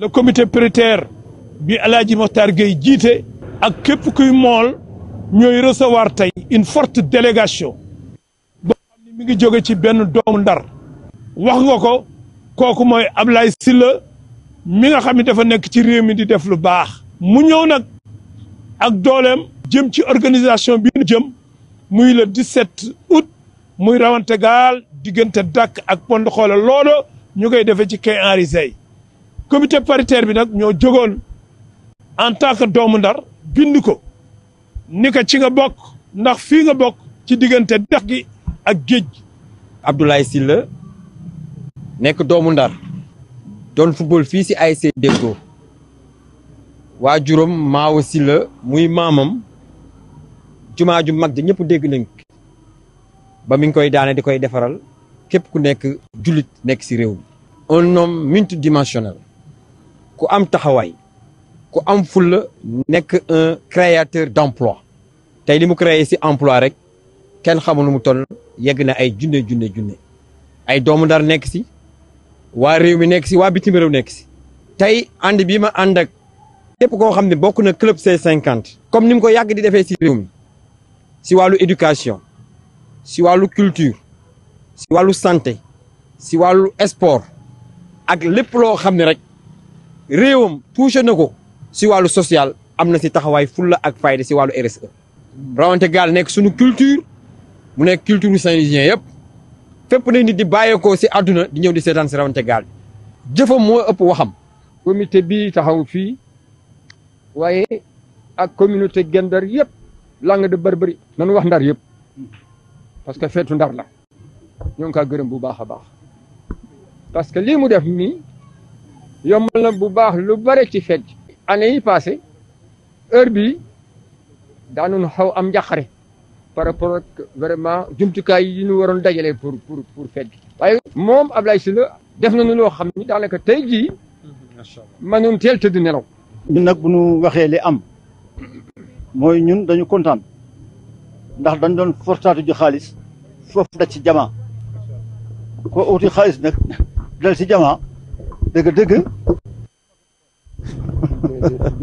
la comité prioritaire bi El Hadj Mokhtar Gueye jiite ak képp kuy mool ñooy recevoir tey une forte délégation boo xam ni mi ngi jóge ci benn doomu ndar wax nga ko kooku mooy Ablaye Sylla mi nga xam ne dafa nekk ci réew mi di def lu baax mu ñëw nag ak dooleem jëm ci organisation bi nu jëm muy le 17 août muy rawante gaal diggante Dak ak Pont Xoolal loolu ñu koy defee ci quai Henri Sey commité paritaire bi nag ñoo jógoon en tant que doomu ndar bind ko ni ci nga bokk ndax fii nga bokk ci diggante dex gi ak géej gi. Abdoulaye nekk doomu ndar doon football fii si ay ASC waa juróom Maawo Sylla muy maamam jumaa ju mag ja ñëpp dégg nañ ba mi ngi koy daane di koy defaral képp ku nekk jullit nekk si réew mi un homme multidimensionnel am taxaway ku am un créateur d'emploi tay limu créer ci emploi rek Ken xamul mu toll ay junne junne junne ay doomu dar nek ci wa rew mi nek ci wa bitim ci club C50 comme nim ko yag di éducation ci walu culture ci walu santé ci walu sport ak rek rewum touché nako ci walu social amna ci si fulla ak fayda ci walu RSE. rawante gal nek suñu culture mu nek culture saint jean yeb fep ne nit di bàyyeekoo ci aduna di ñew di sétan si rawante gal jëfam mo ëpp waxam. comité bi taxaw fi waaye ak communauté gendar yeb langue de Barbarie. nanu wax ndar yeb parce que fetu ndar la ñoo ka kaa gërëm bu baaxa baax parce que li mu def yomb na bu baax lu bare ci fekk ane yi passé heure bi daanu xaw am njàqare par rapport ak vraiment jumtukaay yi ñu waroon dajale pour pour pour fekk waaye moom Ablaye Sylla def nañu loo xam ni daanaka tey jii mënoon teel tëdd nelaw ñun nag bu ñu waxee li am mooy ñun dañu kontaan ndax dañ doon fortaatu ji xaalis foofu daj ci jamaa ko uti xaalis nag dal ci jamaa dëgg dëgg